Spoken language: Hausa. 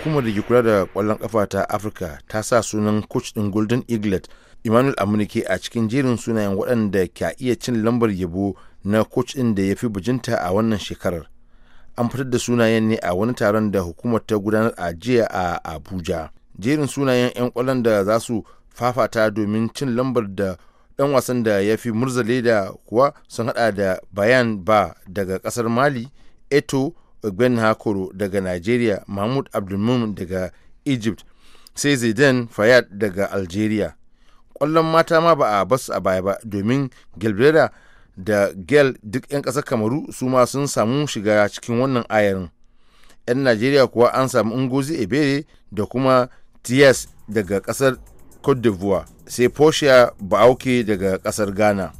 hukumar da ke kula da kwallon kafa ta afirka ta sa sunan coach din golden eaglet emmanuel amunike a cikin jerin sunayen waɗanda ka iya cin lambar yabo na coach din da ya fi bijinta a wannan shekarar an fitar da sunayen ne a wani taron da hukumar ta gudanar a jiya a abuja jerin sunayen 'yan kwallon da za su fafata domin cin lambar da dan wasan da ya fi murzale da kuwa sun hada da bayan ba daga kasar mali eto ogben hakoro daga nigeria mahmud abdulmumin daga egypt sai zaidan fayad daga algeria ƙwallon mata ma ba a basu a baya ba domin gilbrera da gel duk 'yan ƙasar kamaru su ma sun samu shiga cikin wannan ayarin 'yan najeriya kuwa an samu ungozi ebere da kuma ts daga ƙasar cote d'ivoire sai portia ba'auke daga ƙasar ghana